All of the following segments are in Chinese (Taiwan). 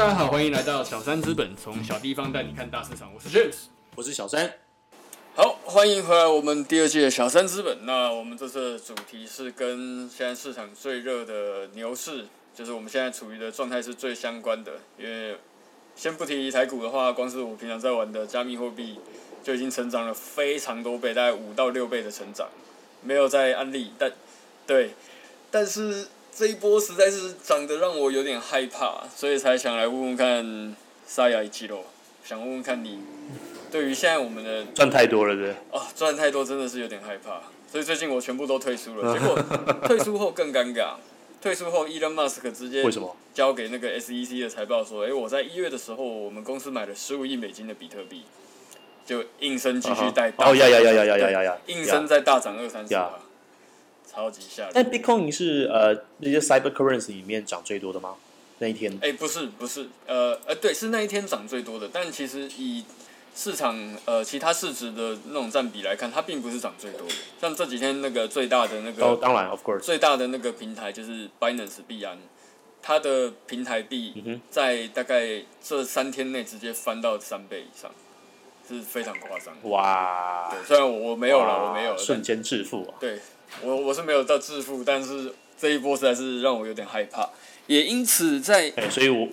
大家好，歡迎來到小山資本，從小地方帶你看大市場。我是 James，我是小山。好，歡迎回來，我們第二季的小山資本。那我們這次的主題是跟現在市場最熱的牛市，就是我們現在處於的狀態是最相關的。因為先不提台股的話，光是我平常在玩的加密貨幣，就已經成長了非常多倍，大概五到六倍的成長。沒有在安利，但對，但是。這一波實在是漲得讓我有點害怕，所以才想來問問看沙雅一基咯，想問問看你對於現在我們的賺太多了對？哦、啊，賺太多真的是有點害怕，所以最近我全部都退出了。 結果退出後更尷尬， 退出後伊隆馬斯克直接為什麼交給那個 SEC 的財報說，哎、欸，我在一月的時候，我們公司買了十五億美金的比特幣，就應聲繼續帶大，大、啊、哦呀呀呀呀呀呀呀，啊啊啊啊、應聲再大漲二三十。啊超級嚇人！但 Bitcoin 是，呃那些 Cyber Currency 裡面漲最多的嗎？那一天？哎、欸，不是，不是，呃呃，對，是那一天漲最多的。但其實以市場呃其他市值的那種占比來看，它並不是漲最多的。像這幾天那個最大的那個，oh, 當然，Of course，最大的那個平台就是 Binance 幣安，它的平台幣在大概這三天內直接翻到三倍以上，是非常誇張。哇對！雖然我沒有了，我沒有了瞬間致富啊，對。我我是沒有到致富，但是這一波實在是讓我有點害怕，也因此在。哎、欸，所以我。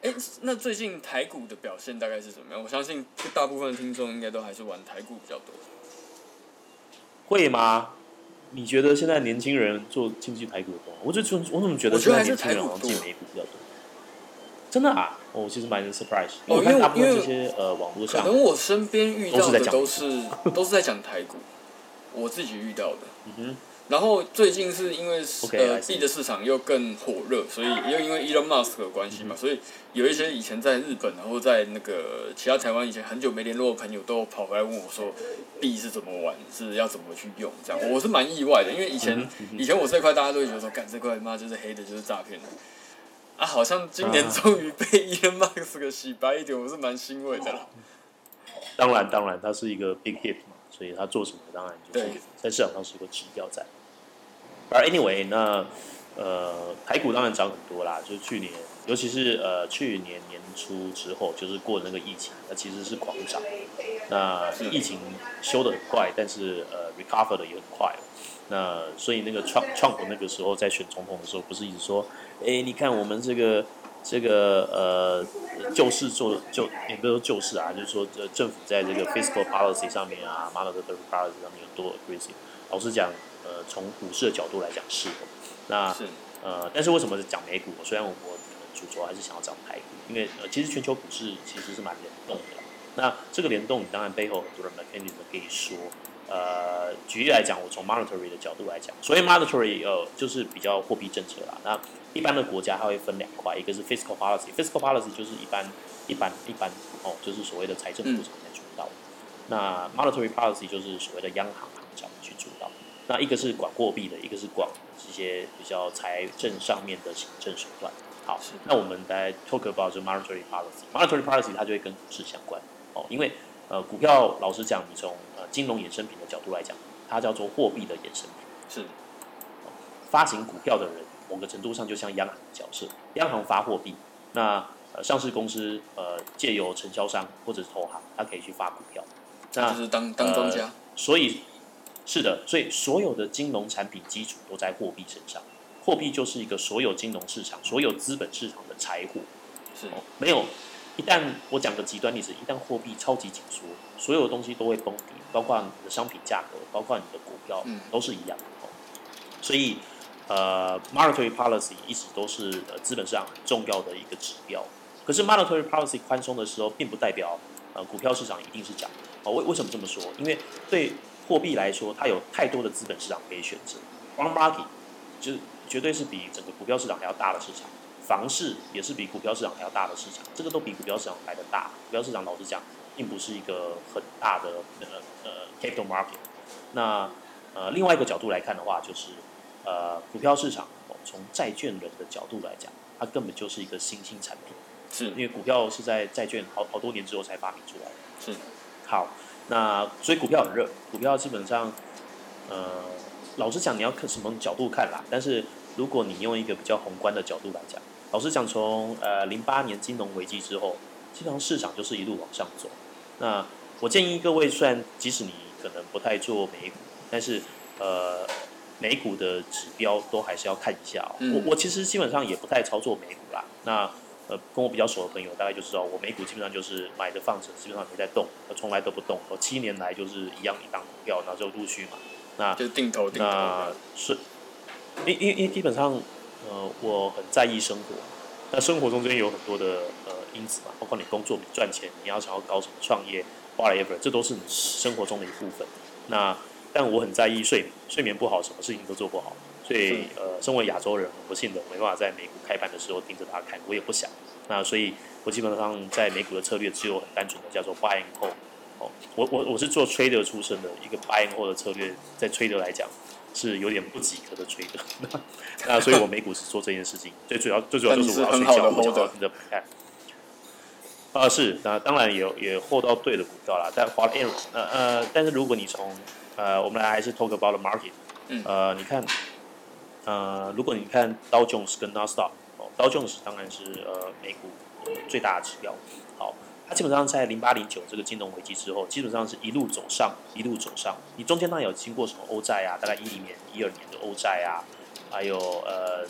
哎、欸，那最近台股的表現大概是怎麼樣？我相信大部分聽眾應該都還是玩台股比較多。會嗎？你覺得現在年輕人做經濟台股的多嗎？我就從我怎麼覺得現在年輕人好像進美股比較多。多啊、真的啊？我、哦、其實蠻 surprise，、哦、因為我看大部分那些呃網絡上，可能我身邊遇到的都是都是在講台股。 我自己遇到的、嗯哼，然後最近是因為 okay, 呃幣的市場又更火熱，所以又因為 Elon Musk 的關係嘛，嗯、所以有一些以前在日本，然後在那個其他台灣以前很久沒聯絡的朋友都跑回來問我說幣是怎麼玩，是要怎麼去用這樣，我是蠻意外的，因為以前、嗯、以前我這塊大家都會覺得說，幹、嗯、這塊媽就是黑的，就是詐騙啊，好像今年終於被 Elon Musk、啊、 洗白一點，我是蠻欣慰的了。當然當然，它是一個 big hit 嘛。所以他做什麼，當然就是在市場上是一個基調在。而 anyway，那呃，台股當然漲很多啦，就是去年，尤其是呃去年年初之後，就是過那個疫情，那、啊、其實是狂漲。那疫情修得很快，但是呃 recover 的也很快。那所以那個川普川普那個時候在選總統的時候，不是一直說，哎，你看我們這個。這個呃救市做就也不是說救市啊，就是說這政府在這個 fiscal policy 上面啊，monetary policy 上面有多 aggressive。老實講，呃，從股市的角度來講是。那是呃，但是為什麼是講美股？雖然我我，我主要還是想要講台股，因為、呃、其實全球股市其實是蠻聯動的。那這個聯動，你當然背後很多的 mechanics 可以說。呃，舉例來講，我從 monetary 的角度來講，所以 monetary 呃就是比較貨幣政策啦。那一般的國家它會分兩塊，一個是 fiscal policy，fiscal policy 就是一般一般一般哦，就是所謂的財政部長在主導。那 monetary policy 就是所謂的央行行長去主導。那一個是管貨幣的，一個是管這些比較財政上面的行政手段。好，那我們在 talk about monetary policy，monetary、嗯、policy 它就會跟股市相關哦，因為。呃，股票老實講，你從呃金融衍生品的角度來講，它叫做貨幣的衍生品。是，哦，發行股票的人，某個程度上就像央行的角色，央行發貨幣。那，呃、上市公司借，呃、由承銷商或者是投行，它可以去發股票。那就是當當莊家，呃。所以是的，所以所有的金融產品基礎都在貨幣身上，貨幣就是一個所有金融市場、所有資本市場的財富，哦。是，沒有。一旦我講個極端例子，一旦貨幣超級緊縮，所有的東西都會崩底，包括你的商品價格，包括你的股票，都是一樣的。嗯。所以，呃，monetary policy 一直都是呃資本市場很重要的一個指標。可是 monetary policy 寬鬆的時候，並不代表呃股票市場一定是漲。哦，呃，為為什麼這麼說？因為對貨幣來說，它有太多的資本市場可以選擇。Bond market 就絕對是比整個股票市場還要大的市場。房市也是比股票市場還要大的市場，這個都比股票市場來的大。股票市場老實講，並不是一個很大的呃呃、uh, capital market。那呃另外一個角度來看的話，就是呃股票市場哦、從債券人的角度來講，它根本就是一個新興產品，是因為股票是在債券好好多年之後才發明出來的。是，好，那所以股票很熱，股票基本上呃老實講，你要看什麼角度看啦。但是如果你用一個比較宏觀的角度來講，老師講，從呃零八年金融危機之後，金融市場就是一路往上走。那我建議各位，雖然即使你可能不太做美股，但是呃美股的指標都還是要看一下哦、喔嗯。我我其實基本上也不太操作美股啦。那呃跟我比較熟的朋友大概就知道，我美股基本上就是買的放着，基本上沒在動，從來都不動。我七年來就是一樣一檔股票，然後就陸續嘛，那就定投，那定投是，因因因基本上。呃，我很在意生活，那生活中間有很多的呃因子嘛，包括你工作、你賺錢，你要想要搞什麼創業，whatever，這都是你生活中的一部分。那但我很在意睡睡眠不好，什麼事情都做不好。所以呃，身為亞洲人很不幸的，我沒辦法在美股開盤的時候盯着他看，我也不想。那所以我基本上在美股的策略只有很單純的叫做 buy and hold。哦，我我我是做 trader 出身的一個 buy and hold 的策略，在 trader 來講。是有點不及格的吹的 那所以我美股是做這件事情，最主要、最主要就是我要去交貨的，的。你、呃、看，啊是，那當然也也貨到對的股票啦，但華電，呃呃，但是如果你從呃，我們來還是 talk about the market，呃，你看，呃，如果你看 Dow Jones 跟 Nasdaq，d、哦、Dow Jones 當然是呃美股最大的指標，好。它基本上在零八零九這個金融危機之後，基本上是一路走上，一路走上。你中間當然有經過什麼歐債啊，大概一零年、一二年的歐債啊，還有呃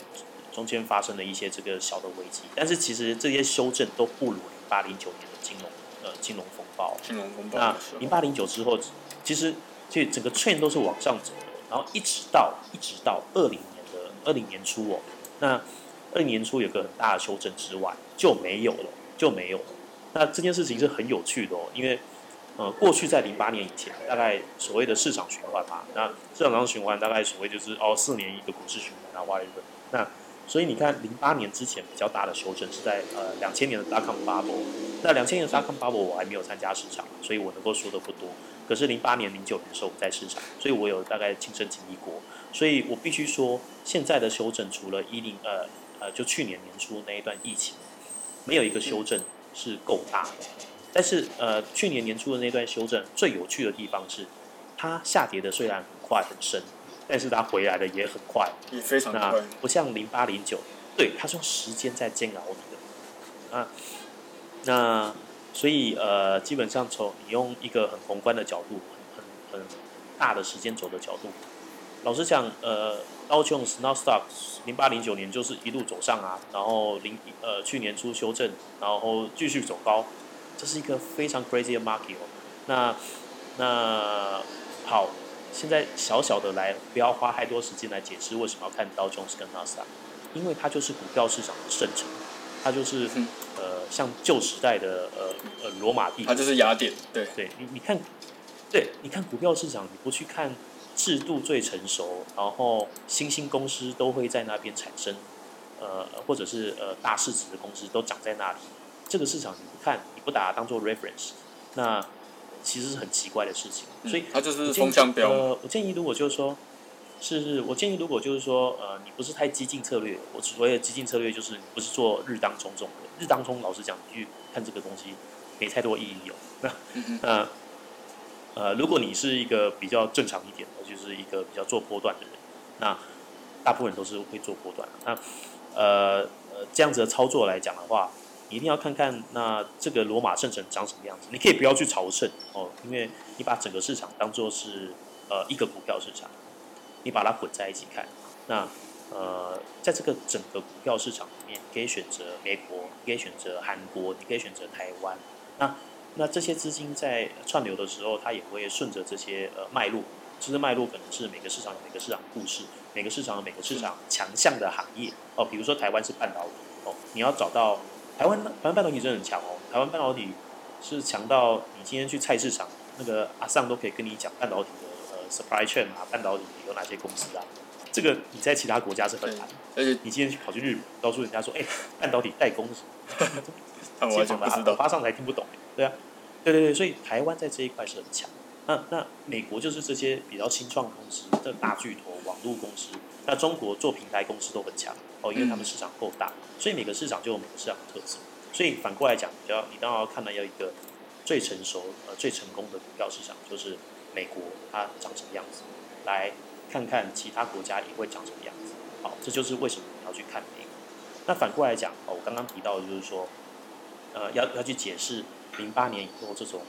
中間發生了一些這個小的危機。但是其實這些修正都不如零八零九年的金融呃金融風暴。金融風暴。那零八零九之後，其實這整個 trend 都是往上走的，然後一直到一直到二零年的二零年初哦，那二零年初有個很大的修正之外就沒有了，就沒有了。那這件事情是很有趣的，哦，因為，呃，過去在零八年以前，大概所謂的市場循環嘛，那市場上循環大概所謂就是哦，四年一個股市循環啊 whatever，那所以你看，零八年之前比較大的修正是在呃兩千年的 .com bubble。那兩千年的 .com bubble 我還沒有參加市場，所以我能夠說的不多。可是零八年、零九年的時候我在市場，所以我有大概親身經歷過，所以我必須說，現在的修正除了一零呃呃就去年年初那一段疫情，沒有一個修正，是夠大的，但是呃，去年年初的那段修正最有趣的地方是，它下跌的雖然很快很深，但是它回來的也很快，也非常的快，不像零八零九，對，它是用時間在煎熬你的，啊，那所以呃，基本上從你用一個很宏觀的角度，很很，很大的時間軸的角度，老實講呃。道瓊斯、納斯達克，零八零九年就是一路走上啊，然後零呃去年初修正，然後繼續走高，這是一個非常 crazy 的 market 哦。那那好，現在小小的來，不要花太多時間來解釋為什麼要看道瓊斯跟納斯達克，因為它就是股票市場的聖城，它就是、嗯、呃像舊時代的呃呃羅馬帝國，它就是雅典，對對，你你看，對，你看股票市場，你不去看。制度最成熟，然後新興公司都會在那邊產生，呃，或者是呃大市值的公司都漲在那裡。這個市場你不看，你不打，當做 reference，那其實是很奇怪的事情。所以、嗯、它就是風向標。呃，我建議如果就是說，是是，我建議如果就是說，呃，你不是太激進策略。我所謂的激進策略就是你不是做日當沖中的日當沖，老實講，你去看這個東西沒太多意義哦。那、 呃呃，如果你是一個比較正常一點的，就是一個比較做波段的人，那大部分人都是會做波段的。那呃，這樣子的操作來講的話，你一定要看看，那這個羅馬聖城長什麼樣子。你可以不要去朝聖哦，因為你把整個市場當做是呃一個股票市場，你把它混在一起看。那呃，在這個整個股票市場裡面，你可以選擇美國，你可以選擇韓國，你可以選擇台灣。那那這些資金在串流的時候，它也會順着這些呃脈絡，其實脈絡可能是每個市場有每個市場的故事，每個市場有每個市場強項的行業哦、呃，比如說台灣是半導體哦，你要找到台灣台灣半導體真的很強哦，台灣半導體是強到你今天去菜市場那個阿桑都可以跟你講半導體的呃 supply chain 啊，半導體有哪些公司啊，這個你在其他國家是很難，而且你今天去跑去日本告訴人家說，哎、欸，半導體代工是什麼？呵呵看、嗯、不懂的，發上來聽不懂、欸。對啊，對對對，所以台灣在這一塊是很強。那那美國就是這些比較新創的公司、大巨頭、網絡公司。那中國做平台公司都很強哦，因為他們市場夠大。所以每個市場就有每個市場的特色。所以反過來講，你要一定要看到有一個最成熟、呃最成功的股票市場就是美國，它長什麼樣子，來看看其他國家也會長什麼樣子。好、哦，這就是為什麼你要去看美國。那反過來講，哦，我剛剛提到的就是說。呃、要要去解釋零八年以後這種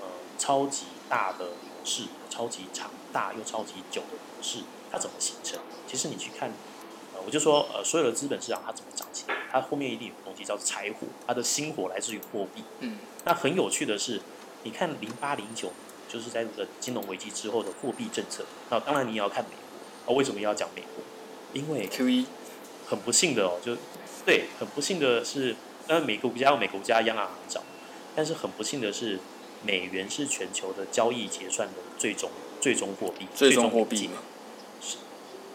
呃超級大的牛市，超級長、大又超級久的牛市，它怎麼形成？其實你去看、呃，我就說，呃，所有的資本市場它怎麼漲起來？它後面一定有東西叫做柴火，它的薪火來自於貨幣。嗯。那很有趣的是，你看零八零九，就是在這個金融危機之後的貨幣政策。那當然，你也要看美國。啊，為什麼要講美國？因為 QE。很不幸的哦，就對，很不幸的是。那、呃、每個國家有每個國家央行行長，但是很不幸的是，美元是全球的交易結算的最終最終貨幣，最終貨幣是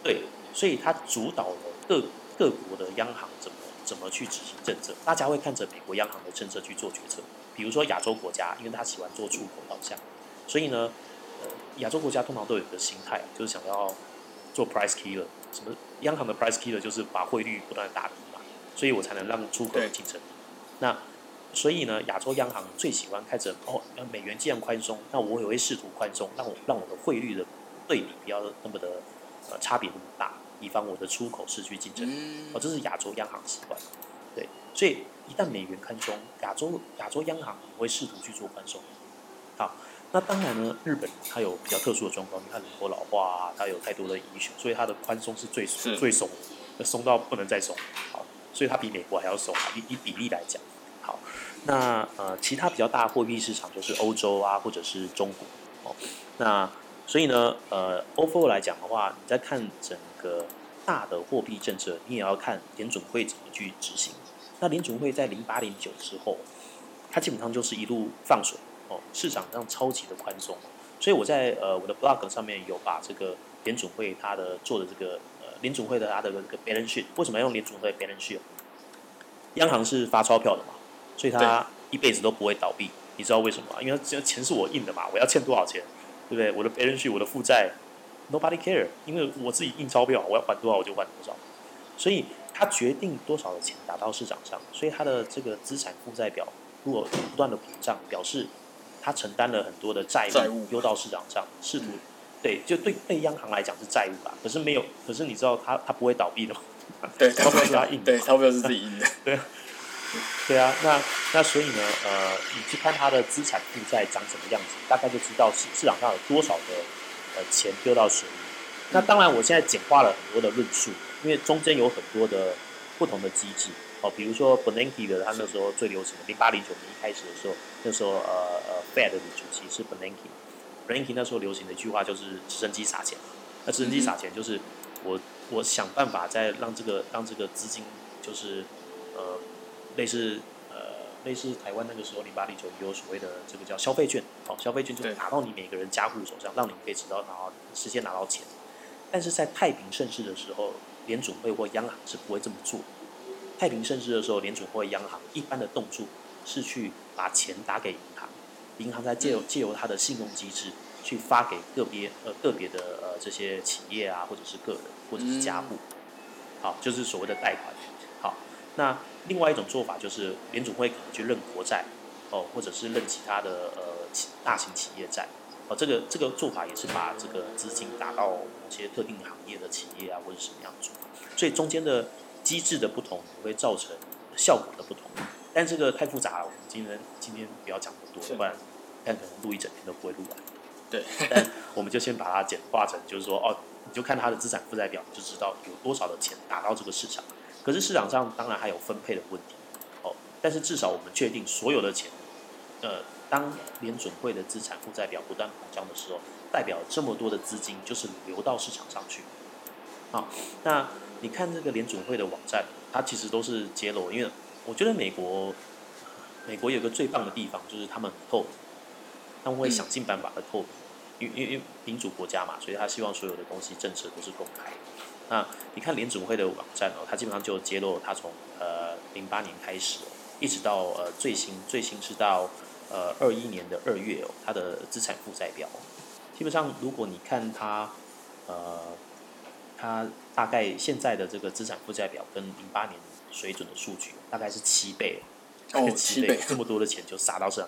對，所以它主導了各各國的央行怎麼怎麼去執行政策，大家會看着美國央行的政策去做決策。比如說亞洲國家，因為他喜歡做出口導向，所以呢、呃，亞洲國家通常都有一個心態，就是想要做 price killer，什麼央行的 price killer 就是把匯率不斷的打低。所以我才能讓出口競爭、嗯。那所以呢，亞洲央行最喜歡開始哦，美元既然寬鬆，那我也會試圖寬鬆，讓我讓我的匯率的對比不要那麼的呃差別那麼大，以防我的出口失去競爭。哦，這是亞洲央行習慣。對，所以一旦美元寬鬆，亞洲亞洲央行也會試圖去做寬鬆。好、啊，那當然呢，日本它有比較特殊的狀況，你看人口老化，它有太多的影響，所以它的寬鬆是最是最鬆，鬆到不能再鬆。所以它比美國還要鬆，啊，以以比例來講，好，那呃其他比較大的貨幣市場就是歐洲啊，或者是中國，哦，那所以呢，呃，歐洲來講的話，你在看整個大的貨幣政策，你也要看聯準會怎麼去執行。那聯準會在零八零九之後，它基本上就是一路放水，哦，市場上超級的寬鬆。所以我在呃我的 blog 上面有把這個聯準會它的做的這個。聯總會的 balance sheet，、他的這個、為什麼要用聯總會 balance sheet？央行是發鈔票的嘛，所以他一輩子都不會倒閉。你知道為什麼、啊、因為只要錢是我印的嘛，我要欠多少錢，對不對？我的 balance sheet，我的負債，nobody care，因為我自己印鈔票，我要還多少我就還多少。所以，他決定多少的錢打到市場上，所以他的這個資產負債表如果不斷的膨脹，表示他承擔了很多的債務，丟到市場上，試圖、嗯。對，就對對央行來講是債務吧？可是沒有，可是你知道它它不會倒閉的嗎？對，它不會自印的。對，它不是自己印的。對啊， 對啊，那那所以呢，呃，你去看它的資產負債長什麼樣子，大概就知道市市場上有多少的呃錢丟到水裡、嗯。那當然，我現在簡化了很多的論述，因為中間有很多的不同的機制哦，比如說 Bernanke 的，他那時候最流行的，零八零九年一開始的時候，那時候呃呃 Fed 的主席是 Bernanke。a n k i 那時候流行的一句話就是“直升機撒錢”，那直升機撒錢就是我我想辦法再讓這個讓這個資金就是呃類似呃類似台灣那個時候零八零九有所謂的這個叫消費券，哦，消費券就打到你每個人家戶手上，讓你可以直到拿到直接拿到錢。但是在太平盛世的時候，聯準會或央行是不會這麼做。太平盛世的時候，聯準會央行一般的動作是去把錢打給銀行。銀行在借由借由它的信用機制去發給個別呃個別的呃這些企業啊，或者是個人或者是家戶，好，就是所謂的貸款。好，那另外一種做法就是聯準會可能去認國債哦、呃，或者是認其他的呃大型企業債哦、呃。這個這個做法也是把這個資金打到某些特定行業的企業啊或者什麼樣子。所以中間的機制的不同也會造成效果的不同。但這個太複雜了，我們今天今天不要講太多，不然。但可能錄一整天都不會錄完，對。但我們就先把它簡化成，就是說，哦，你就看它的資產負債表，就知道有多少的錢打到這個市場。可是市場上當然還有分配的問題，哦。但是至少我們確定所有的錢，呃，當聯準會的資產負債表不斷膨脹的時候，代表這麼多的資金就是流到市場上去。好，那你看這個聯準會的網站，它其實都是揭露。因為我覺得美國，美國有一個最棒的地方就是他們很厚他們會想盡辦法的扣明、嗯，因為因，因民主國家嘛，所以他希望所有的東西、政策都是公開。那你看聯儲會的網站哦，它基本上就揭露他，他從呃零八年開始、哦，一直到呃最新，最新是到呃二一年的二月哦，它的資產負債表。基本上，如果你看它，呃，它大概現在的這個資產負債表跟零八年水準的數據，大概是七倍，哦，七倍，這麼多的錢就撒到這。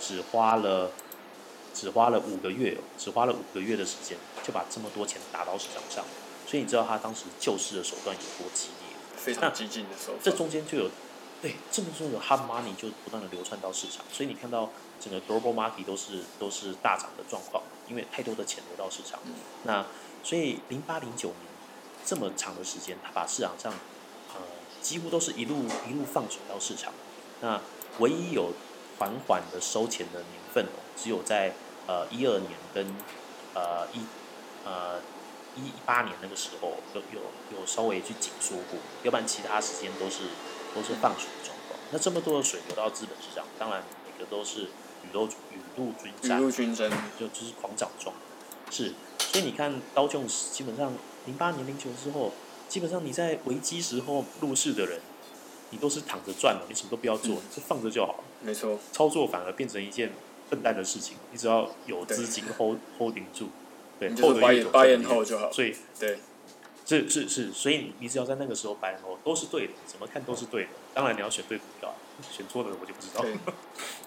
只花了，只花了五個月，哦，只花了五個月的時間就把這麼多錢打到市場上，所以你知道他當時救市的手段有多激烈，非常激進的手段。這中間就有，對，這麼多的 hot money 就不斷的流竄到市場，所以你看到整個 global market 都是都是大漲的狀況，因為太多的錢流到市場。嗯、那所以08、09年這麼長的時間，他把市場上、呃、幾乎都是一路一路放水到市場，那唯一有。緩緩的收錢的年份，喔，只有在呃一二年跟呃一呃一八年那個時候有有有稍微去緊縮過，要不然其他時間都是都是放水的狀況，嗯。那這麼多的水流到資本市場，當然每個都是雨露雨露均雨露均沾，就就是狂漲中的。是，所以你看，道瓊基本上零八年零九之後，基本上你在危機時候入市的人，你都是躺着賺的，你什麼都不要做，嗯、你就放着就好。沒錯，操作反而變成一件笨蛋的事情。你只要有資金 hold holding 住，對，hold 住一透就，就，就，就好。所以對，是是是，所以你只要在那個時候 buy，hold 都是對的，怎麼看都是對的。當然你要選對股票，選錯的人我就不知道。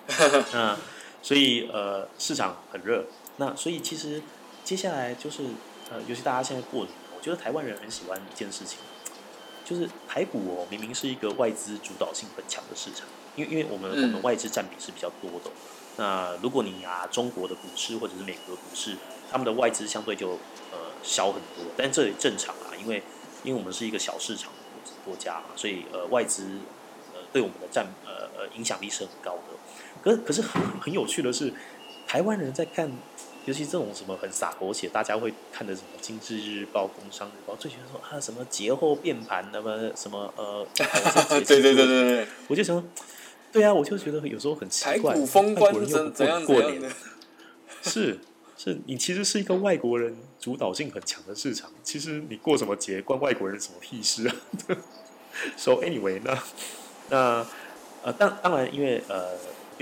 那所以呃，市場很熱，那所以其實接下來就是呃，尤其大家現在過年，我覺得台灣人很喜歡一件事情。就是台股哦，明明是一個外資主導性很強的市場，因為因為我們的、嗯、外資占比是比較多的。那如果你拿、啊、中國的股市或者是美國股市，他們的外資相對就呃小很多，但這也正常啊，因為因為我們是一個小市場的國家嘛，所以呃外資呃對我們的占呃呃影響力是很高的。可是可是很很有趣的是，台灣人在看。尤其這種什麼很灑狗血，大家會看的什麼《經濟日報》《工商日報》，最喜歡說啊什麼節後變盤，那麼什麼呃， 對，對，對對對對，我就想說，對啊，我就覺得有時候很奇怪，風關外國人又不過年，怎樣怎樣怎樣是是，你其實是一個外國人主導性很強的市場，其實你過什麼節關外國人什麼屁事啊 ？So anyway 那那呃，當當然，因為呃。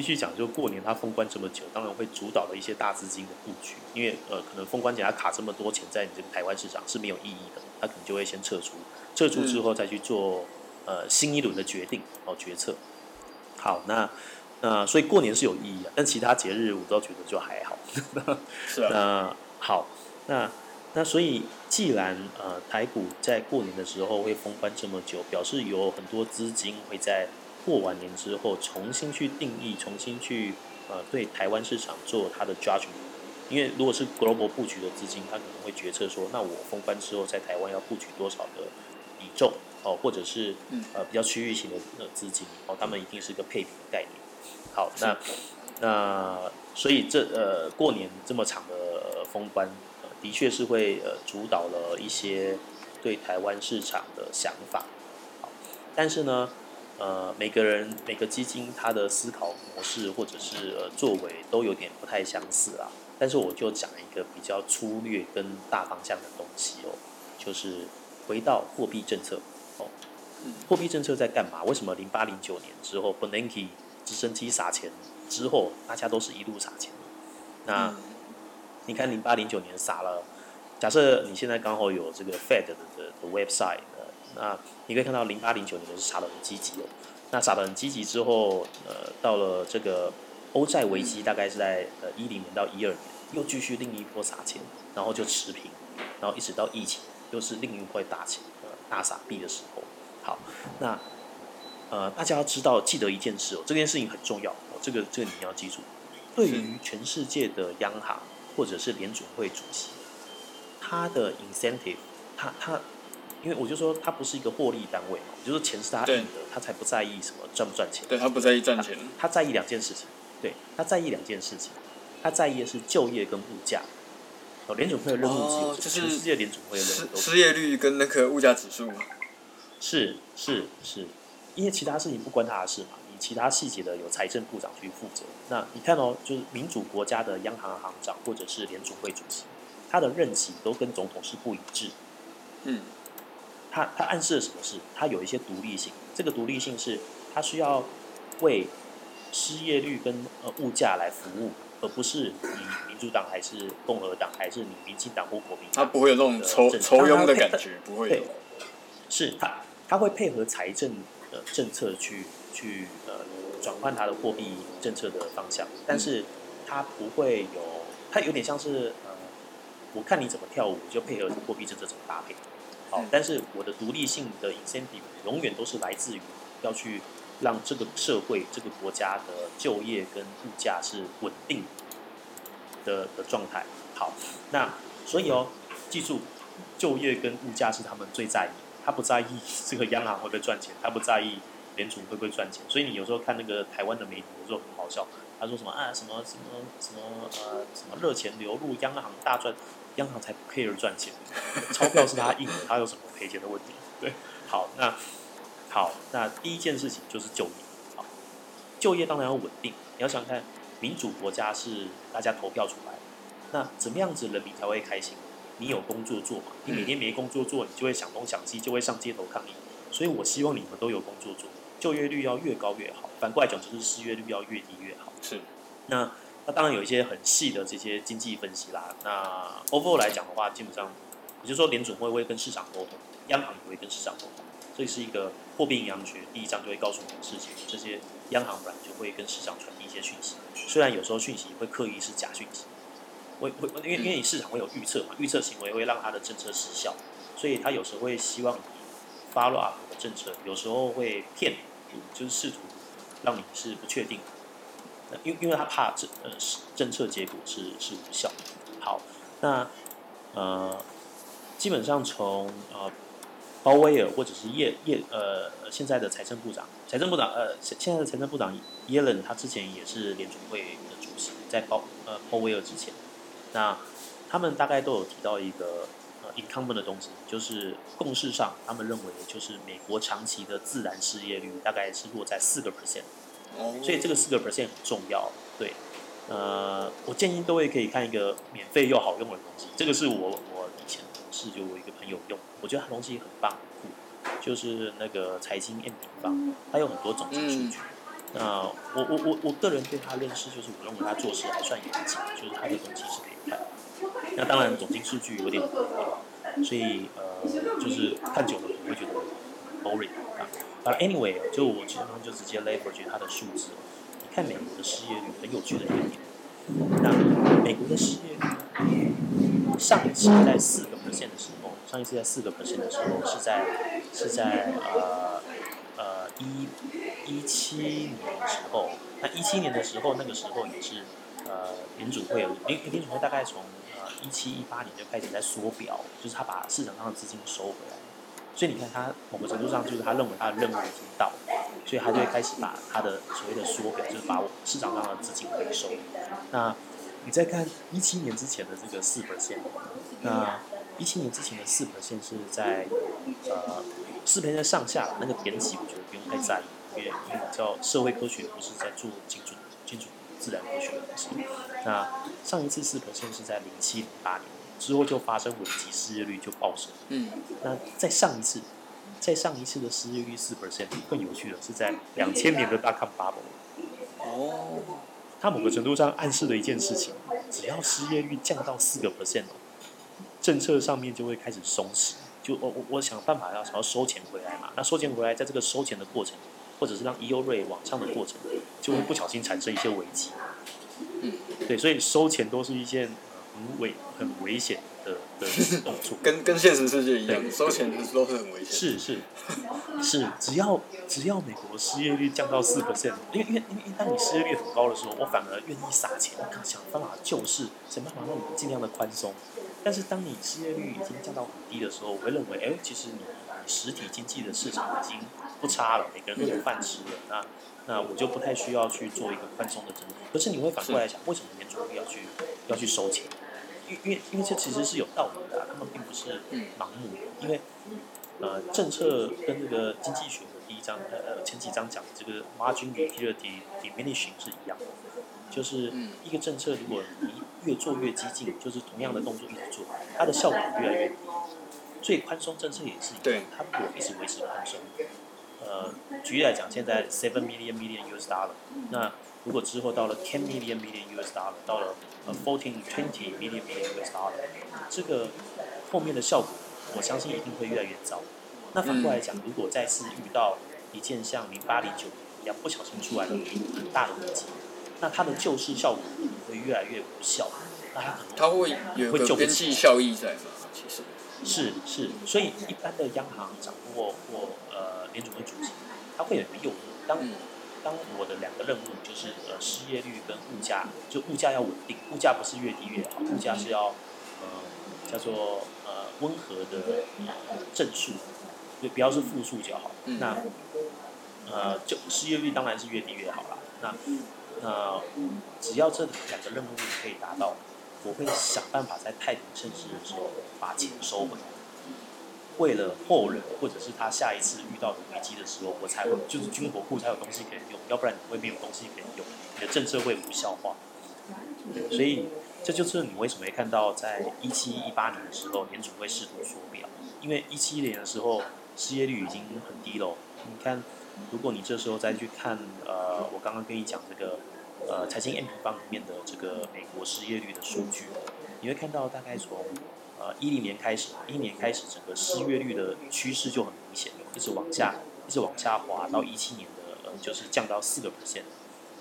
繼續講，就過年它封關這麼久，當然會主導了一些大資金的布局，因為呃，可能封關檢查卡這麼多錢在你這個台灣市場是沒有意義的，它可能就會先撤出，撤出之後再去做呃新一輪的決定哦決策。好，那那，呃，所以過年是有意義的啊，但其他節日我都覺得就還好。呵呵，是啊，那好，那那所以既然呃台股在過年的時候會封關這麼久，表示有很多資金會在。過完年之後，重新去定義，重新去呃對台灣市場做它的 judgment。因為如果是 global 布局的資金，它可能會決策說，那我封關之後在台灣要布局多少的比重哦，或者是呃比較區域型的呃資金，哦，他們一定是一個配比的概念。好，那那所以這呃過年這麼長的封關，呃、的確是會呃主導了一些對台灣市場的想法，好，但是呢。呃，每個人每個基金他的思考模式或者是呃作為都有點不太相似啊，但是我就講一個比較粗略跟大方向的東西哦，就是回到貨幣政策哦。貨幣政策在幹嘛？為什麼零八零九年之後，Bernanke 直升機撒錢之後，大家都是一路撒錢？那、嗯、你看零八零九年撒了，假設你現在剛好有這個 Fed 的的 website。那你可以看到，零八、零九年都是撒得很積極哦。那撒得很積極之後，呃，到了這個歐債危機，大概是在呃一零年到一二年，又繼續另一波撒錢，然後就持平，然後一直到疫情，又是另一波大錢、呃、大撒幣的時候。好，那呃，大家要知道、記得一件事哦，這件事情很重要哦，這個、這個你要記住。對於全世界的央行或者是聯準會主席，他的 incentive，他他。因為我就說，他不是一個獲利單位嘛，就是說錢是他印的，他才不在意什麼賺不賺錢。對他不在意賺錢他，他在意兩件事情。對，他在意兩件事情，他在意的是就業跟物價、喔。哦，聯、就、準、是、會有任務只有是世界聯準會有任務。失業率跟那個物價指數嗎是是是，是，因為其他事情不關他的事嘛，你其他細節的由財政部長去負責。那你看哦、喔，就是民主國家的央行行長或者是聯準會主席，他的任期都跟總統是不一致。嗯。它它暗示了什麼事？它有一些獨立性，這個獨立性是它需要為失業率跟呃物價來服務，而不是你民主黨還是共和黨，還是你民進黨或國民黨。它不會有那種抽抽佣的感覺，不會有。是它，它會配合財政的政策去去呃轉換它的貨幣政策的方向，但是它不會有，它有點像是呃，我看你怎麼跳舞，就配合貨幣政策怎麼搭配。好，但是我的獨立性的 incentive 永遠都是來自於要去讓這個社會、這個國家的就業跟物價是穩定的的狀態。好，那所以哦，記住，就業跟物價是他們最在意的，他不在意這個央行會不會賺錢，他不在意聯儲會不會賺錢。所以你有時候看那個台灣的媒體，有時候很好笑，他說什麼啊，什麼什麼什麼呃，什麼熱錢流入央行大賺。央行才不 care 賺錢，鈔票是他印的，他有什麼賠錢的問題？ 對，好，那好，那第一件事情就是就業，好，就業當然要穩定。你要想看民主國家是大家投票出來的，那怎麼樣子人民才會開心？你有工作做嘛？你每天沒工作做，你就會想東想西，就會上街頭抗議。所以，我希望你們都有工作做，就業率要越高越好。反過來講，就是失業率要越低越好。是，那。那、啊、當然有一些很細的這些經濟分析啦。那 overall 來講的話，基本上，也就是說，聯準會會跟市場溝通，央行也會跟市場溝通。這是一個貨幣銀行學第一章就會告訴你的事情。這些央行本來就會跟市場傳遞一些訊息，雖然有時候訊息會刻意是假訊息，會會因為因為你市場會有預測嘛，預測行為會讓他的政策失效，所以他有時候會希望你 follow up 的政策，有時候會騙你，就是試圖讓你是不確定。因因為他怕政呃政政策結果是是無效的。好，那呃基本上從呃鮑威爾或者是葉葉呃現在的財政部長，財政部長呃現在的財政部長耶倫，他之前也是聯儲會的主席，在鮑呃鮑威爾之前，那他們大概都有提到一個呃 common 的東西，就是共識上他們認為就是美國長期的自然失業率大概是落在四個 percent。所以這個四個 percent 很重要，對，呃，我建議各位可以看一個免費又好用的東西，這個是我我以前同事就我一個朋友用的，我覺得他東西很棒，很就是那個財經 M 平方，它有很多種數據，那、嗯呃、我我我我個人對他認識就是我認為他做事還算嚴謹，就是他的東西是可以看的，那當然總經數據有點無聊，所以呃，就是看久了你會覺得很 boring。啊 anyway 就我基本上就直接 label 回去他的數字，哦。你看美國的失業率，很有趣的一點，那美國的失業率，上一次在四個 percent 的時候，上一次在四個 percent 的時候是在是在呃呃一，一七年的時候。那一七年的時候，那個時候也是呃聯準會，聯，聯準會大概從呃一七一八年就開始在縮表，就是他把市場上的資金收回來。所以你看，他某個程度上就是他認為他的任務已經到了，所以他就會開始把他的所謂的縮表，就是把我市場上的資金回收。那，你再看一七年之前的這個四倍線，那一七年之前的四倍線是在呃四倍線上下那個點幾，我覺得不用太在意因為，因為叫社會科學不是在做精準精準自然科學的東西。那上一次四倍線是在零七零八年。之後就發生危機，失業率就暴升。嗯，那在上一次，在上一次的失業率四 percent，更有趣的是在兩千年的大康 bubble 哦，它某個程度上暗示了一件事情：只要失業率降到四個 percent 政策上面就會開始鬆弛。就我、哦、我我想辦法要想要收錢回來嘛，那收錢回來，在這個收錢的過程，或者是讓 EU rate 往上的過程，就會不小心產生一些危機。嗯，對，所以收錢都是一件。很危很危險的動作，跟跟現實世界一樣，收錢是都是很危險。是是是,是，只要只要美國失業率降到四%，因為因為因為一旦你失業率很高的時候，我反而願意撒錢，想想辦法救市，想辦法讓你儘量的寬鬆。但是當你失業率已經降到很低的時候，我會認為，哎、欸，其實你,你實體經濟的市場已經不差了，每個人都有飯吃了，那那我就不太需要去做一個寬鬆的整理。可是你會反過來想，為什麼美聯儲要去要去收錢？因為因為這其實是有道理的、啊，他們並不是盲目的。因為呃，政策跟那個經濟學的第一章呃前幾章講的這個 margin liquidity 裡面的循是一樣的，就是一個政策如果你越做越激進，就是同樣的動作一直做，它的效果越來越低。最寬鬆政策也是，一樣，它如果一直維持寬鬆的，呃，舉例來講，現在 seven m i l l i o n m i l l i o n USD o l l a r 那如果之後到了 ten m i l l i o n m i l l i o n USD o l l a r 到了。呃，fourteen twenty million years ago 這個後面的效果，我相信一定會越來越糟。 那反過來講，如果再次遇到一件像零八零九一樣不小心出來的、 那個、很大的危機， 那它的救市效果可能會越來越無效，那、 啊、它可能會有一個邊際效益在嘛？其實 是是，所以一般的央行掌握或呃聯儲會主席，他會有比我用？當、嗯。當我的兩個任務就是呃失業率跟物價，就物價要穩定，物價不是越低越好，物價是要呃叫做呃溫和的正數，就不要是負數就好。那呃就失業率當然是越低越好了。那那、呃、只要這兩個任務可以達到，我會想辦法在太平盛世的時候把錢收回來。為了後人，或者是他下一次遇到的危機的時候，我才會就是軍火庫才有東西可以用，要不然你會沒有東西可以用，你的政策會無效化。所以這就是你為什麼會看到在一七一八年的時候，聯準會試圖縮表，因為一七年的時候失業率已經很低了。你看，如果你這時候再去看，呃，我剛剛跟你講這個，呃，財經 M 平方裡面的這個美國失業率的數據，你會看到大概從。呃，一零年開始，一一年開始，整個失業率的趨勢就很明顯了，一直往下，一直往下滑，到一七年的呃，就是降到四個百分點。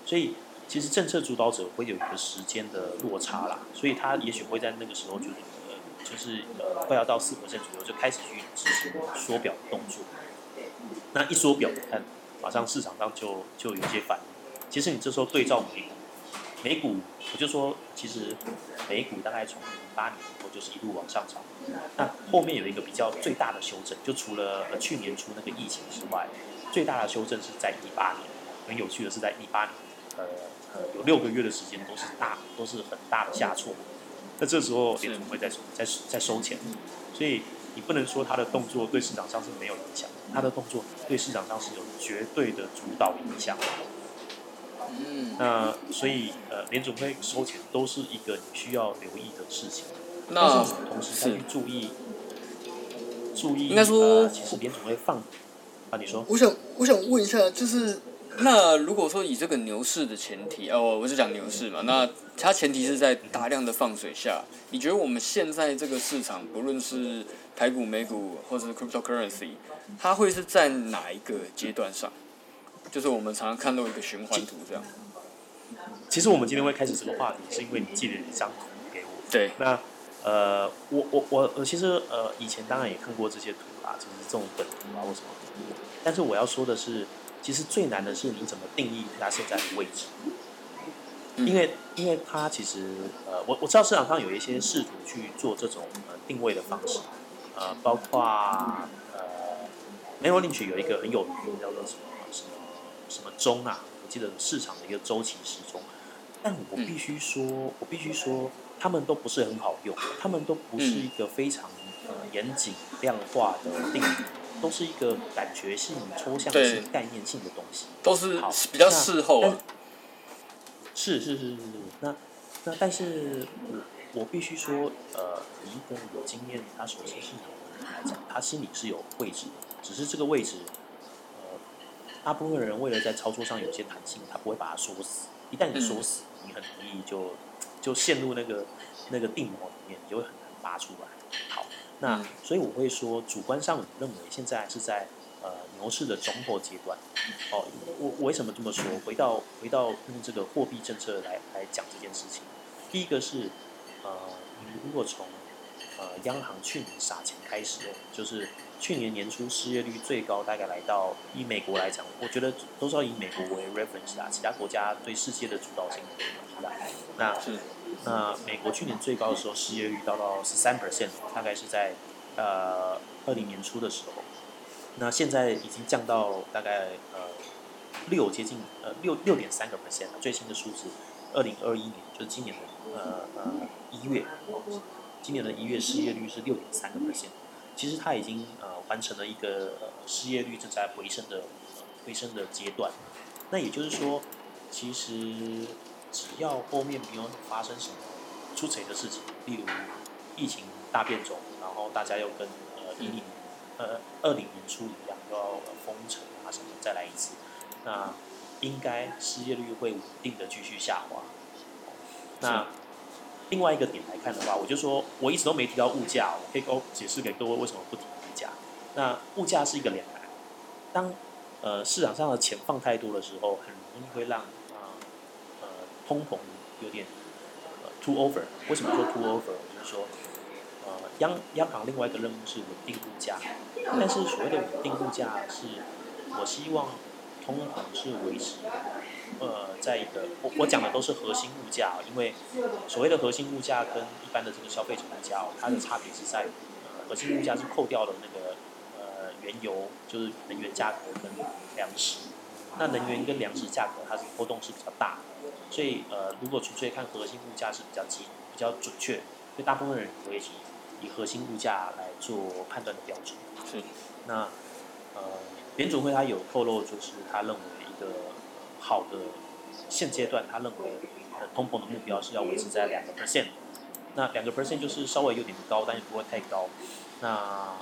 所以其實政策主導者會有一個時間的落差啦，所以他也許會在那個時候就、呃，就是呃快要到四個百分點左右就開始去執行縮表的動作。那一縮表，你看馬上市場上就就有些反應。其實你這時候對照。美股，我就說，其實美股大概從零八年以後，就是一路往上漲。那後面有一個比較最大的修正，就除了，呃、去年初那個疫情之外，最大的修正是在一八年。很有趣的是，在一八年，呃呃，有六個月的時間都是大，都是很大的下挫。那這時候聯準會在在在，在收錢，所以你不能說他的動作對市場上是沒有影響，嗯、他的動作對市場上是有絕對的主導影響。嗯，那所以呃，聯儲會收錢都是一個需要留意的事情，那同時是注意注意。注意應該說、呃，其實聯儲會放啊，你說，我想我想問一下，就是那如果說以這個牛市的前提啊、哦，我是講牛市嘛，那它前提是在大量的放水下，你覺得我們現在這個市場，不論是台股、美股或者 cryptocurrency，它會是在哪一個階段上？嗯就是我們常常看到一個循環圖這樣。其實我們今天會開始這個話題，是因為你寄了一張圖給我。對。那呃，我我我我其實呃以前當然也看過這些圖啦，就是這種本圖啊或什麼。但是我要說的是，其實最難的是你怎麼定義它現在的位置。因為、嗯、因為它其實呃，我我知道市場上有一些試圖去做這種呃定位的方式，呃，包括呃，梅洛領取有一個很有名的叫做什麼？什麼鐘啊？我記得市場的一個周期時鐘，但我必須說、嗯，我必須說，他們都不是很好用，他們都不是一個非常、嗯、呃嚴謹量化的定義，都是一個感覺性、抽象性、概念性的東西，都是、嗯、好是比較滯後、啊、是是是是，是，是，是那，那但是，我我必須說，呃，一個有經驗、他熟悉市場的人來講，他心裡是有位置的，只是這個位置。大部分人為了在操作上有些彈性，他不會把它鎖死。一旦你鎖死，你很容易就就陷入那個那個定錨裡面，你就會很難拔出來。好，那所以我會說，主觀上我認為現在是在呃牛市的中後階段。哦我，我為什麼這麼說？回到回到用這個貨幣政策來來講這件事情，第一個是呃，你如果從呃，央行去年撒錢開始，就是去年年初失業率最高，大概來到以美國來講，我覺得都是要以美國為 reference 啊，其他國家對世界的主導性挺強的。那那美國去年最高的時候失業率到到十三 percent，大概是在呃二零年初的時候，那現在已經降到大概呃六接近呃六六點三個 percent，最新的數字，二零二一年就是今年的呃呃一月。哦今年的一月失業率是六點三個百分點，其實它已經呃完成了一個、呃、失業率正在回升的、呃、回升的階段，那也就是說，其實只要後面沒有發生什麼出彩的事情，例如疫情大變種，然後大家又跟呃一零、嗯、呃二零年初一樣，要封城啊什麼再來一次，那應該失業率會穩定的繼續下滑。那另外一個點來看的話，我就說我一直都沒提到物價，我可以解釋給各位為什麼不提物價。那物價是一個兩難，當呃市場上的錢放太多的時候，很容易會讓啊呃、呃通膨有點呃 too over。為什麼說 too over？就是說呃央央行另外一個任務是穩定物價，但是所謂的穩定物價是，我希望通膨是維持。呃，在一個我我講的都是核心物價，因為所謂的核心物價跟一般的這個消費者物價它的差別是在呃，核心物價是扣掉了那個呃原油，就是能源價格跟糧食。那能源跟糧食價格，它的波動是比較大的，所以呃，如果純粹看核心物價是比較基比較準確，對大部分人也會以以，以核心物價來做判斷的標準。是。那呃，聯準會他有透露，就是他認為一個。好的，現階段他認為，通膨的目標是要維持在兩個 percent，那兩個 percent 就是稍微有點高，但也不會太高。那、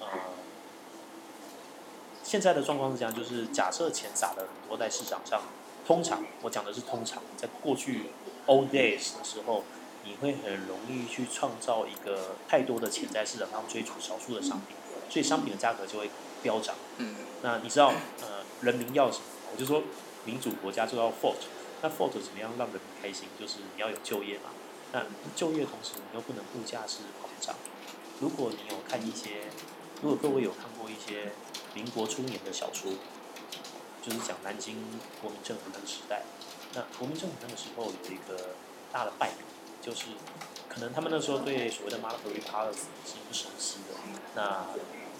呃、現在的狀況是這樣，就是假設錢砸了很多在市場上，通常我講的是通常，在過去 old days 的時候，你會很容易去創造一個太多的錢在市場上追逐少數的商品，所以商品的價格就會飆漲。那你知道、呃、人民要什麼？我就說。民主國家就要 fault 那 fault 怎麼樣讓人開心？就是你要有就業嘛。那就業同時，你又不能物價是狂漲。如果你有看一些，如果各位有看過一些民國初年的小說，就是講南京國民政府的時代。那國民政府那個時候有一個大的敗筆，就是可能他們那時候對所謂的 monetary policy 是不熟悉的。那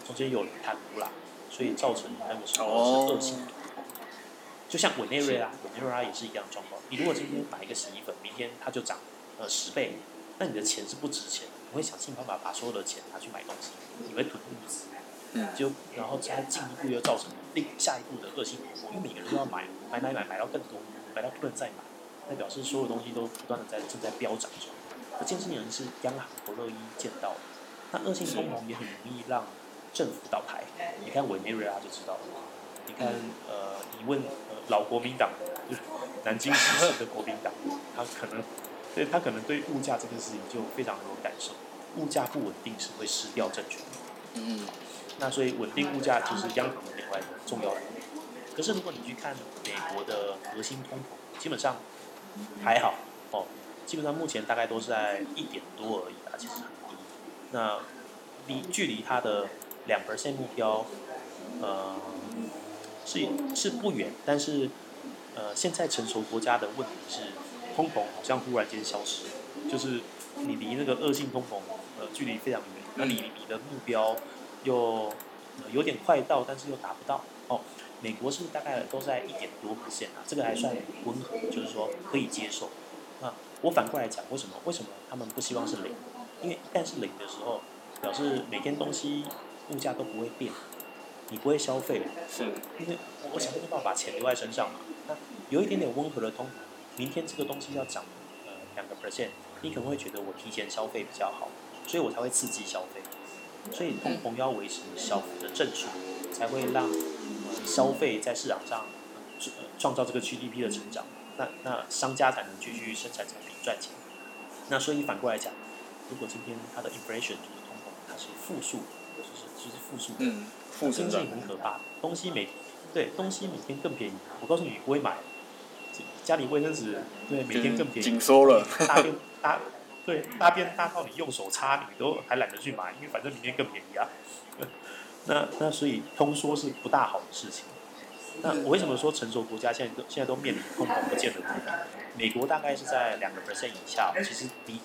中間有貪污啦，所以造成他們說的是惡性。Oh. 就像委內瑞拉，委內瑞拉也是一樣的狀況。你如果今天買一個洗衣粉，明天它就漲，呃，十倍，那你的錢是不值錢的。你會想盡辦法把所有的錢拿去買東西，你會囤物資，就然後再進一步又造成另下一步的惡性通貨。因為每個人都要買，買買買，買到更多，買到不能再買，那表示所有東西都不斷的在正在飆漲中。那這些人是央行不樂意見到的。那惡性通膨也很容易讓政府倒台。你看委內瑞拉就知道了。你看，呃，你問。老國民黨，就是南京有的國民黨，他可能，對他可能對物價這件事情就非常有感受。物價不穩定是會失掉政權。嗯，那所以穩定物價就是央行的另外一個重要任務。可是如果你去看美國的核心通膨，基本上還好哦，基本上目前大概都是在一點多而已啊，其實很低。那離距離它的兩趴的目標，呃。是是不遠，但是，呃，現在成熟國家的問題是，通膨好像忽然間消失，就是你離那個惡性通膨，呃，距離非常遠，那離你，你的目標又、呃、有點快到，但是又達不到。哦，美國是大概都在一點多趴啊，這個還算溫和，就是說可以接受。那我反過來講，為什麼？為什麼他們不希望是零？因為一旦是零的時候，表示每天東西物價都不會變。你不會消費了，是，因為我想想辦法把錢留在身上嘛。那有一點點溫和的通，明天這個東西要漲呃兩個 percent，你可能會覺得我提前消費比較好，所以我才會刺激消費。所以通膨要維持小幅的正數，才會讓消費在市場上創創、呃、造這個 GDP 的成長。那那商家才能繼續生產產品賺錢。那所以反過來講，如果今天它的 inflation 就是通膨，它是負數，就是就是負數，的。經濟很可怕，東西每對東西每天更便宜。我告訴你，你不會買，家裡衛生紙對每天更便宜，緊縮了，大便大 對大便大到你用手擦你都還懶得去買，因為反正明天更便宜啊。 那那所以通縮是不大好的事情。那我為什麼說成熟國家現在都現在都面臨空頭不見得不。美國大概是在兩個 percent 以下，哦，其實比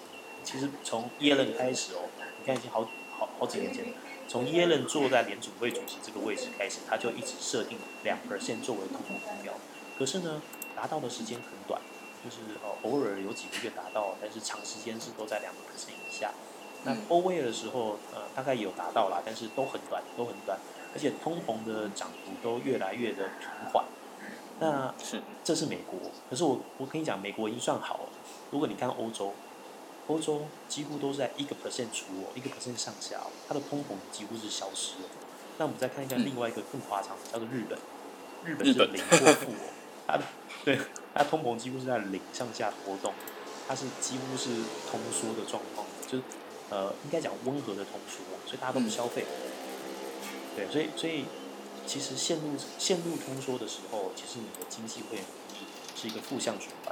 其實從耶倫開始哦，你看已經好好好幾年前。從耶倫坐在聯儲會主席這個位置開始，他就一直設定兩 percent 作為通貨目標，可是呢，達到的時間很短，就是、呃、偶爾有幾個月達到，但是長時間是都在兩 percent 以下。那歐耶的時候，呃，大概也有達到啦，但是都很短，都很短，而且通膨的漲幅都越來越的平緩。那是這是美國，可是我我跟你講，美國已經算好了，如果你看歐洲。歐洲幾乎都是在一個 percent 出哦，一個 percent 上下哦，它的通膨幾乎是消失了。那我們再看一下另外一個、嗯、更誇張的，叫做日本，日本是零過負哦， 它對它通膨幾乎是在零上下波動，它是幾乎是通縮的狀況，就是呃應該講溫和的通縮啊，所以大家都不消費、嗯，對，所以所以其實陷入陷入通縮的時候，其實你的經濟會很，是一個負向循環，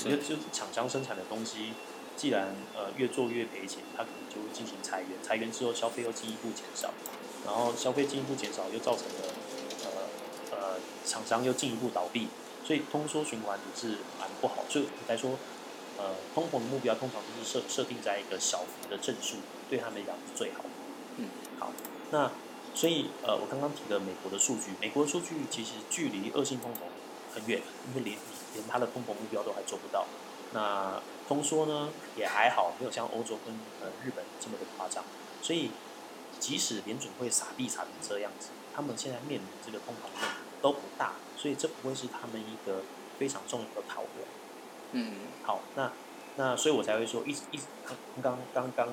是就廠商生產的東西。既然呃越做越賠錢，它可能就會進行裁員，裁員之後消費又進一步減少，然後消費進一步減少又造成了呃呃廠商又進一步倒閉，所以通縮循環也是蠻不好。所以我來說，呃，通膨的目標通常都是設設定在一個小幅的正數，對他們來講是最好的。嗯，好，那所以呃我剛剛提的美國的數據，美國的數據其實距離惡性通膨很遠，因為連連他的通膨目標都還做不到。那通縮呢也還好，沒有像歐洲跟呃日本這麼的誇張，所以即使聯準會撒幣撒成這樣子，他們現在面臨這個通膨問題都不大，所以這不會是他們一個非常重要的考量。嗯，好，那那所以，我才會說，一直一直剛剛剛剛剛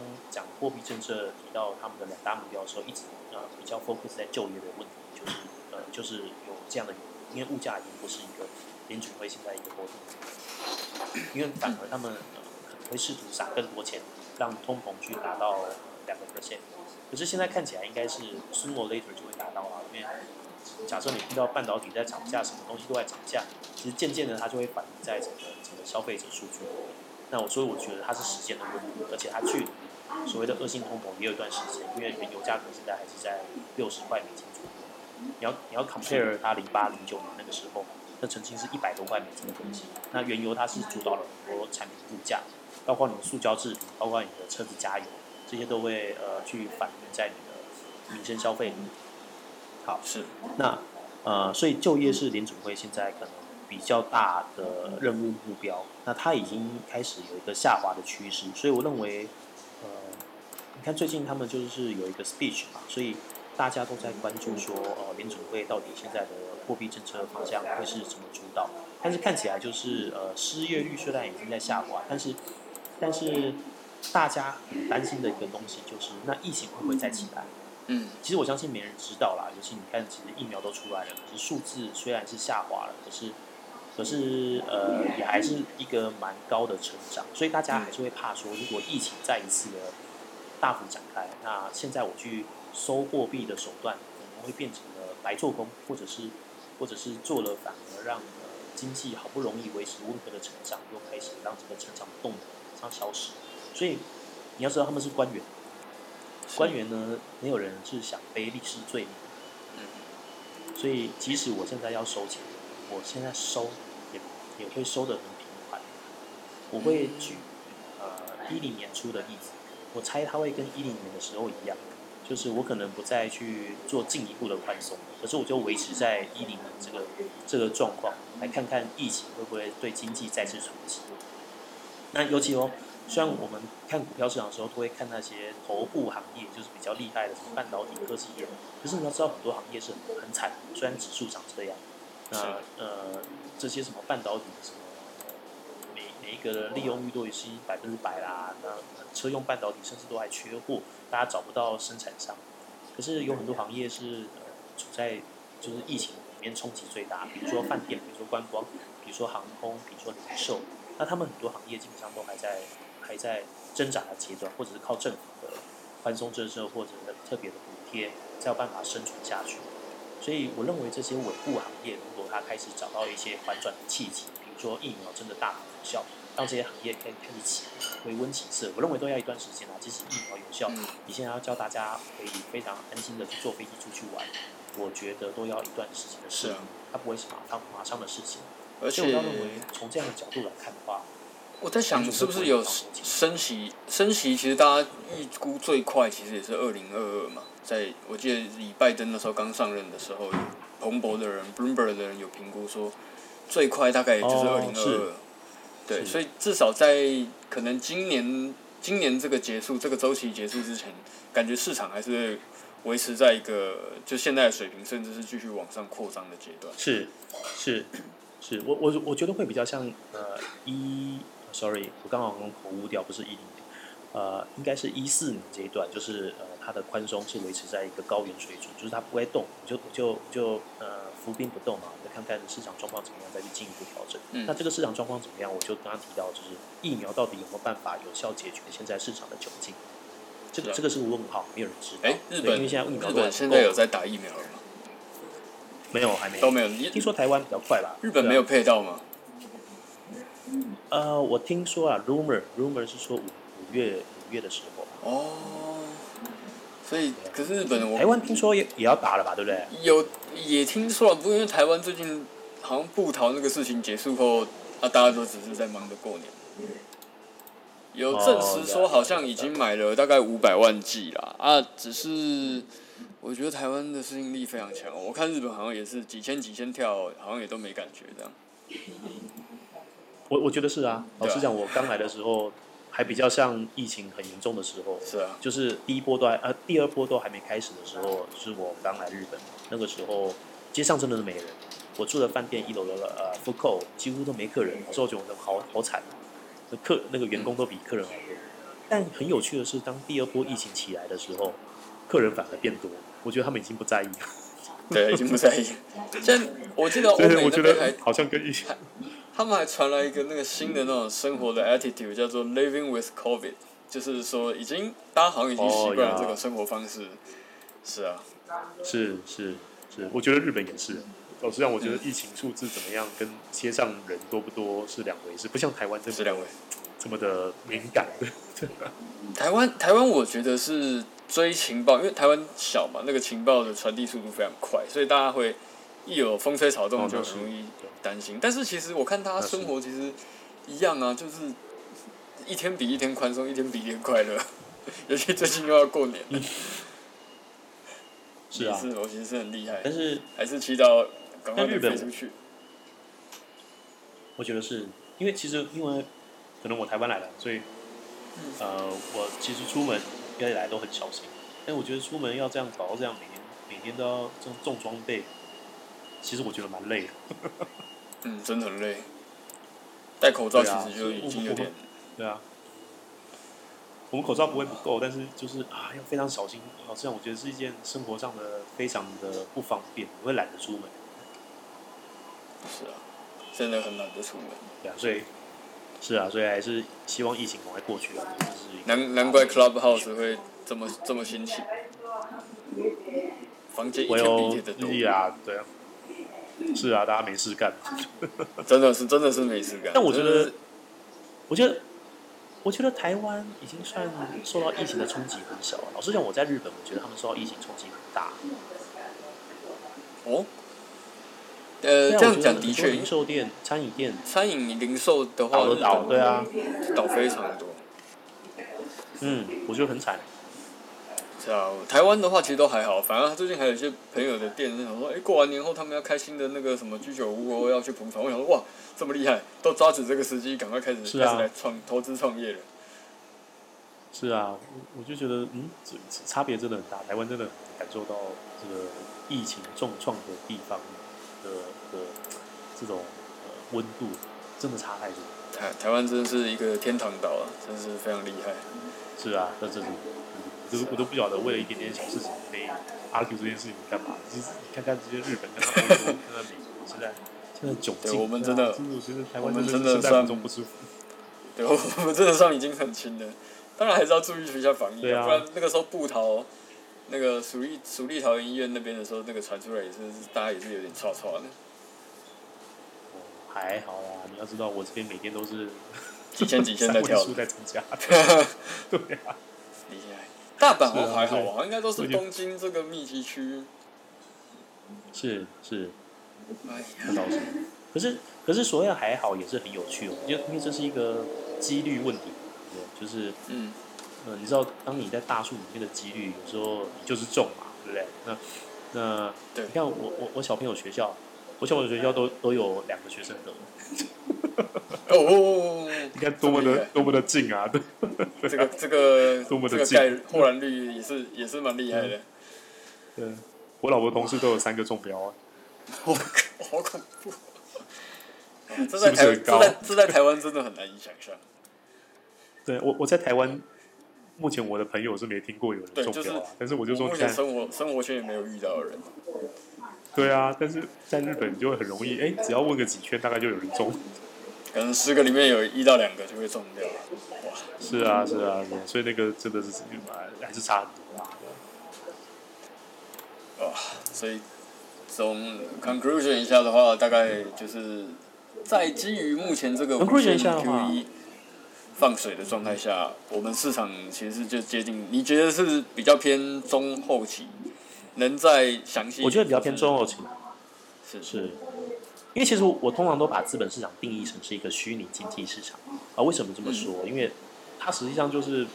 講貨幣政策，提到他們的兩大目標的時候，一直呃比較 focus 在就業的問題，就是呃就是有這樣的原因，因為物價已經不是一個聯準會現在一個關注因為反而他們會試圖撒更多錢，讓通膨去達到兩個 percent，可是現在看起來應該是 sooner later 就會達到了。因為假設你聽到半導體在漲價，什麼東西都在漲價，其實漸漸的它就會反映在整個整個消費者數據。那我所以我覺得它是時間的問題，而且它距離所謂的惡性通膨也有一段時間，因為原油價格現在還是在六十塊美金左右。你要你要 compare 它零八零九年那個時候。那曾經是一百多塊美金的東西，嗯，那原油它是主導了很多產品物價，包括你的塑膠製品，包括你的車子加油，這些都會呃去反映在你的民生消費裡。好，是。那呃，所以就業是聯準會現在可能比較大的任務目標，那它已經開始有一個下滑的趨勢，所以我認為呃，你看最近他們就是有一個 speech 嘛，所以。大家都在關注說，呃，聯準會到底現在的貨幣政策方向會是怎麼主導？但是看起來就是，呃，失業率雖然已經在下滑，但是，但是大家很擔心的一個東西就是，那疫情會不會再起來？嗯，其實我相信沒人知道啦。尤其你看，其實疫苗都出來了，可是數字雖然是下滑了，可是，可是呃，也還是一個蠻高的成長，所以大家還是會怕說，如果疫情再一次的大幅展開，那現在我去。收貨幣的手段可能會變成了白做工，或者是或者是做了反而讓、呃、經濟好不容易維持溫和的成長又開始讓整個成長動能像消失。所以你要知道他們是官員，官員呢沒有人是想背歷史罪名，所以即使我現在要收錢，我現在收也也會收得很平緩。我會舉、嗯、呃一零年初的例子，我猜他會跟一零年的時候一樣。就是我可能不再去做進一步的寬鬆，可是我就維持在一零年這個這個狀況，來看看疫情會不會對經濟再次衝擊。那尤其哦，雖然我們看股票市場的時候，都會看那些頭部行業，就是比較厲害的，什麼半導體科技業。可是你要知道，很多行業是很很慘的，雖然指數漲這樣，那呃這些什麼半導體的什麼。每一個利用率都也是百分之百啦。那車用半導體甚至都還缺貨，大家找不到生產商。可是有很多行業是呃、處在就是疫情裡面衝擊最大，比如說飯店，比如說觀光，比如說航空，比如說零售。那他們很多行業基本上都還在還在掙扎的階段，或者是靠政府的寬鬆政策或者是特別的補貼才有辦法生存下去。所以我認為這些尾部行業，如果它開始找到一些反轉的契機，比如說疫苗真的大幅有效果。當這些行業可以一可以起回溫起色，我認為都要一段時間啊。即使疫苗有效，你現在要叫大家可以非常安心的去坐飛機出去玩，我覺得都要一段時間的事是啊，它不會是馬上、馬上的事情。而且，我要認為從這樣的角度來看的話，我在想，是不是有升息？升息其實大家預估最快其實也是二零二二嘛。在我記得，以拜登那的時候剛上任的時候，有彭博的人 （Bloomberg 的人）有評估說，最快大概也就是二零二二。對，所以至少在可能今年今年這個結束這個周期結束之前，感覺市場還是維持在一個就現在的水平，甚至是繼續往上擴張的階段。是，是，是，我我我覺得會比較像呃一、E，sorry，我剛好用口誤掉，不是一零。呃，應該是一四年這一段，就是呃，它的寬鬆是維持在一個高原水準，就是它不會動，就就就呃，伏兵不動嘛，啊，就看看市場狀況怎麼樣再去進一步調整，嗯。那這個市場狀況怎麼樣？我就剛剛提到，就是疫苗到底有沒有辦法有效解決現在市場的窘境，啊這，這個這個是個問號，沒有人知道。哎，欸，日本因為現在疫苗都現在有在打疫苗了嗎？沒有，還沒都沒有。你聽說臺灣比較快吧？日本沒有配到嗎？對啊嗯，呃，我聽說啊，rumor rumor 是說五。月月的時候哦，所以可是日本我，台灣聽說也也要打了吧，對不對？有也聽說了，不過因為台灣最近好像部桃那個事情結束後，啊，大家都只是在忙着過年。有證實說，好像已經買了大概五百萬劑啦。啊，只是我覺得台灣的適應力非常強。我看日本好像也是幾千幾千跳，好像也都沒感覺。這樣，我我覺得是啊。老實講，我剛來的時候。還比較像疫情很嚴重的時候，是啊，就是第一波都還呃第二波都還沒開始的時候，就是我剛來日本，那個時候街上真的是沒人，我住的飯店一樓的呃 full call 幾乎都沒客人，我就覺得我好好慘，那客那個員工都比客人好多。但很有趣的是，當第二波疫情起來的時候，客人反而變多，我覺得他們已經不在意了，對，已經不在意。這 我記得，我覺得好像跟以前。 他們還傳來一個那個新的那種生活的 attitude，、嗯、叫做 living with covid，就是說已經大家好像已經習慣了這個生活方式。Oh, yeah. 是啊，是是是，我覺得日本也是。老、哦、實際上我覺得疫情數字怎麼樣，嗯、跟街上人多不多是兩回事，是不像台灣這是兩位這麼的敏感。台 灣台灣，台灣我覺得是追情報，因為台灣小嘛，那個情報的傳遞速度非常快，所以大家會。一有風吹草動就容易擔心，但是其實我看他生活其實一樣啊，就是一天比一天寬鬆，一天比一天快樂，尤其最近又要過年了、嗯。是啊，是我其實是很厲害，但是還是祈禱趕快飛出去。我覺得是因為其實因為可能我台灣來的，所以呃，我其實出門原來都很小心，但我覺得出門要這樣搞這樣，每天每天都要這樣重裝備。其實我覺得蠻累的。嗯，真的很累。戴口罩其實就已經有點。對啊。我，我，我，啊我們口罩不會不夠，但是就是啊，要非常小心。好像我覺得是一件生活上的非常的不方便，我會懶得出門，欸。是啊，真的很懶得出門。對啊，所以是啊，所以還是希望疫情趕快過去啊，就是。難難怪 Club House 會這麼這麼興起。房間一天比一天的多啊，對啊。對啊是啊，大家沒事幹， 真的是真的是沒事幹。但我覺得，我覺得，我覺得台灣已經算受到疫情的衝擊很小了。老實講，我在日本，我覺得他們受到疫情衝擊很大。哦，呃，這樣講的確，零售店、餐飲店、餐飲、零售的話倒，對啊，倒非常的多。嗯，我覺得很慘。是啊，台灣的話其實都還好，反而最近還有一些朋友的店，我想說，哎、欸，過完年後他們要開新的那個什麼居酒屋哦，要去捧場。我想說，哇，這麼厲害，都抓住這個時機，趕快開始、啊、開始來創投資創業了。是啊，我就覺得，嗯，嗯差別真的很大。台灣真的感受到這個疫情重創的地方的的這種呃、溫度，真的差太多。台台灣真的是一個天堂島啊，真的是非常厲害。是啊，在這裡。嗯。都、啊、我都不曉得為了一點點小事情，為阿 Q 這件事情幹嘛？你是你看看這些日本的， 看、啊、我們真的，真的，真的是，我們真的算在中不中？對，我們真的算已經很輕了。 當然還是要注意學校防疫啊，啊。不然那個時候部桃，那個署立署立桃園醫院那邊的時候，那個傳出來也是大家也是有點吵吵的、哦。還好啊，你要知道，我這邊每天都是幾千幾千跳的跳數 在增加。 對呀、啊。大阪我還好啊，應該都是東京這個密集區，是是，哎 是。可是可是所以還好也是很有趣哦，因為因為這是一個幾率問題，對不對？就是嗯，嗯你知道當你在大樹裡面的幾率有時候你就是中嘛，對不對？那那對你看我我我小朋友學校，我小朋友學校都都有兩個學生的。 哦，哦，哦，哦，你 看多麼的麼多麼的近啊！對，這個這個多麼的近，霍、這個、然率也是也是蠻厲害的、嗯。對，我老婆同事都有三個中標啊！我靠，好恐怖！ 這在台灣是不是很高？這，在這在台灣真的很難以想象。對，我我在台灣，目前我的朋友是沒聽過有人中標，就是、但是我就說你我目前生活生活圈也沒有遇到的人。對啊，但是在日本就會很容易，哎、欸，只要問個幾圈，大概就有人中。 可能十個裡面有一到兩個就會中掉，哇！是啊，是啊，所以那個真的是還是差很多啊！哇！所以總 conclusion 一下的話，嗯、大概就是在基於目前這個 Q1 放水的狀態下，嗯，我們市場其實就接近，你覺得是，是比較偏中後期？能再詳細？我覺得比較偏中後期，是是。因為其實我通常都把資本市場定義成是一個虛擬經濟市場啊，為什麼這麼說？因為它實際上就是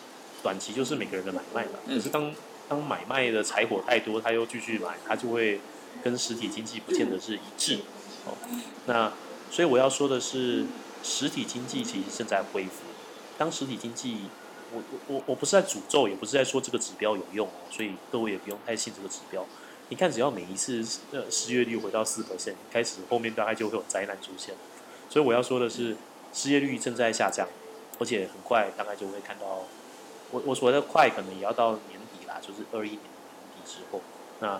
短期就是每個人的買賣嘛。可是當當買賣的柴火太多，它又繼續買，它就會跟實體經濟不見得是一致。哦，那所以我要說的是，實體經濟其實正在恢復。當實體經濟，我我我不是在詛咒，也不是在說這個指標有用，所以各位也不用太信這個指標。你看，只要每一次呃失業率回到四 percent 開始，後面大概就會有災難出現。所以我要說的是，失業率正在下降，而且很快大概就會看到。我我所謂的快，可能也要到年底啦，就是二一年的年底之後，那、呃、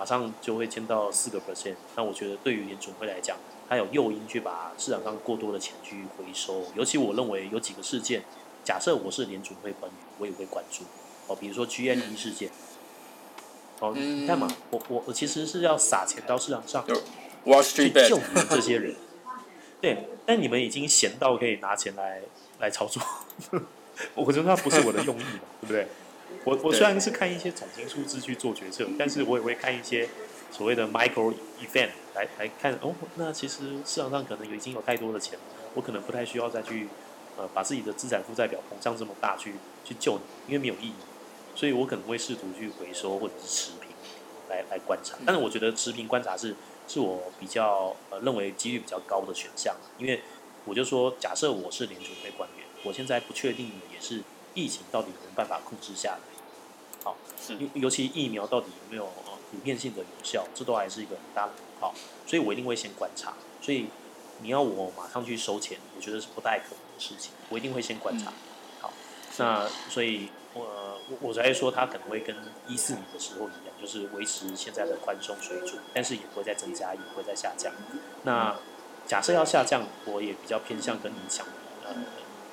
馬上就會降到四個 percent。那我覺得對於聯準會來講，它有誘因去把市場上過多的錢去回收。尤其我認為有幾個事件，假設我是聯準會官員，我也會關注哦，比如說 GME 事件。嗯哦、oh, mm-hmm. 你看嘛，我我我其實是要撒錢到市場上去救你們這些人， 對，但你們已經閒到可以拿錢來來操作， 我覺得那不是我的用意嘛， 對不對？我我雖然是看一些總經數字去做決策， 但是我也會看一些所謂的 micro event 來來看哦，那其實市場上可能已經有太多的錢了，我可能不太需要再去、呃、把自己的資產負債表膨脹這麼大去去救你，因為沒有意義。所以，我可能會試圖去回收或者是持平來，來來觀察。嗯、但是，我覺得持平觀察是是我比較呃認為幾率比較高的選項。因為我就說，假設我是聯儲會官員，我現在不確定的也是疫情到底有沒有辦法控制下來。好，因為尤其疫苗到底有沒有普遍性的有效，這都還是一個很大的問號。好。所以我一定會先觀察。所以你要我馬上去收錢，我覺得是不太可能的事情。我一定會先觀察。嗯、好，那所以。呃、我我我在說，它可能會跟一四年的時候一樣，就是維持現在的寬鬆水準，但是也不會再增加，也不會再下降。那假設要下降，我也比較偏向跟你講的，呃、嗯、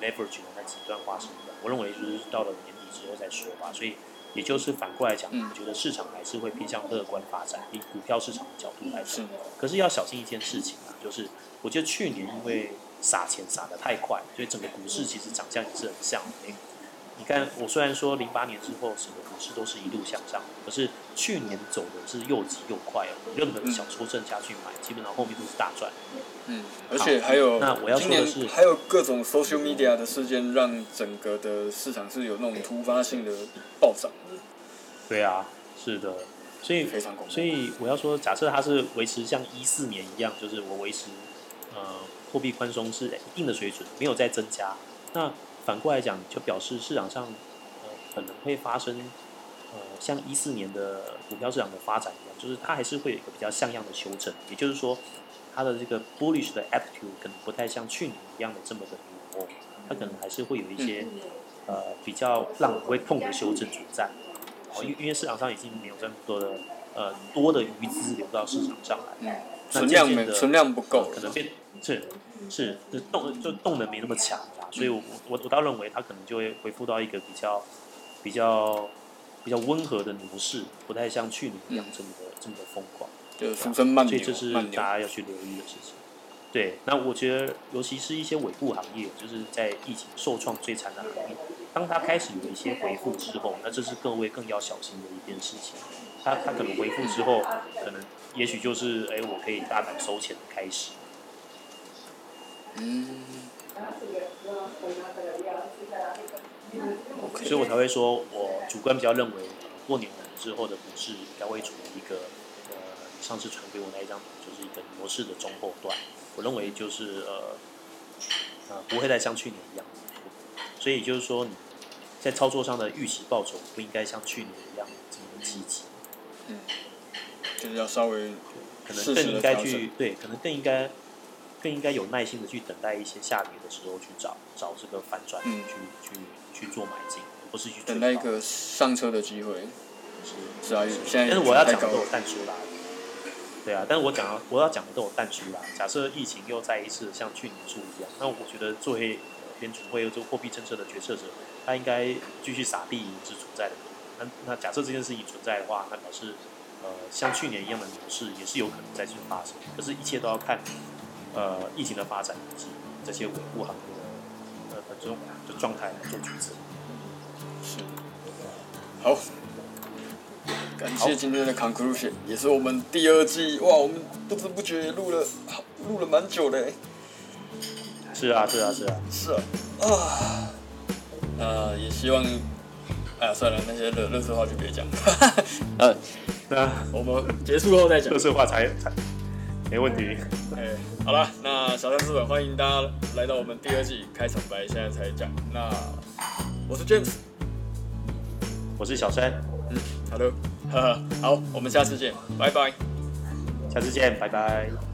，leverage、嗯、那幾段話什麼的，我認為就是到了年底之後再說吧。所以也就是反過來講，我覺得市場還是會偏向樂觀發展，以股票市場的角度來說。可是要小心一件事情啊，就是我覺得去年因為撒錢撒的太快，所以整個股市其實漲相也是很像。你看，我雖然說零八年之後整個股市都是一路向上，可是去年走的是又急又快哦。任何小說剩下去買，嗯、基本上後面都是大賺。嗯，而且還有，啊、那我要說的是，還有各種 social media 的事件，讓整個的市場是有那種突發性的暴漲、嗯。對啊，是的，所以非常。所以我要說，假設它是維持像一四年一樣，就是我維持呃貨幣寬鬆是一定的水準，沒有再增加，那。反過來講，就表示市場上、呃、可能會發生，呃，像一四年的股票市場的發展一樣，就是它還是會有一個比較像樣的修正。也就是說，它的這個 bullish 的 attitude 可能不太像去年一樣的這麼的靈活，它可能還是會有一些、嗯、呃比較讓人會痛的修正存在。哦，因、呃、因為市場上已經沒有這麼多的呃多的餘資流到市場上來、嗯，存量沒，存量不夠，呃、可能變是是,是,、就是動就動能沒那麼強。所以我，我我我倒認為他可能就會恢復到一個比較、比較、比較溫和的模式，不太像去年一樣的這麼，的、嗯、這麼的瘋狂。就是、慢牛，所以這是大家要去留意的事情。對，那我覺得，尤其是一些尾部行業，就是在疫情受創最慘的行業，當他開始有一些恢復之後，那這是各位更要小心的一件事情。他他可能恢復之後，可能也許就是哎，我可以大膽收錢的開始。嗯。所以我才會說，我主觀比較認為，呃、過年之後的股市應該會處於一個呃，上次傳給我那一張圖就是一個牛市的中後段。我認為就是呃呃不會再像去年一樣，所以就是說你在操作上的預期報酬不應該像去年一樣這麼積極。嗯，就是要稍微可能更應該去對，可能更應該。更應該有耐心的去等待一些下跌的時候，去找找這個反轉，嗯，去去去做買進，不是去等待一個上車的機會。是是啊，但是我要講的都有但書啦。對啊，但是我講我要講的都有但書吧，假設疫情又再一次像去年初一樣，那我覺得做黑編組、呃、會有做貨幣政策的決策者，他應該繼續撒幣是存在的。那那假設這件事情存在的話，那表示呃像去年一樣的牛市，也是有可能再次發生。可是，一切都要看。呃，疫情的發展以及這些維護行業的呃，狀態來做決策。是，好，感謝，謝今天的 conclusion，也是我們第二季哇，我們不知不覺錄了錄了，了蠻久嘞。是啊，是啊，是啊，嗯、是啊，啊，也希望，哎、啊、呀，算了，那些垃垃圾話就別講了，呃、 啊，那 我們結束後再講垃圾話才才。沒問題。 hey, 好了，那小山資本歡迎大家來到我們第二季開場白，現在才講。那我是 James，我是小山。嗯，Hello。呵呵，好，我們下次見，拜拜。下次見，拜拜。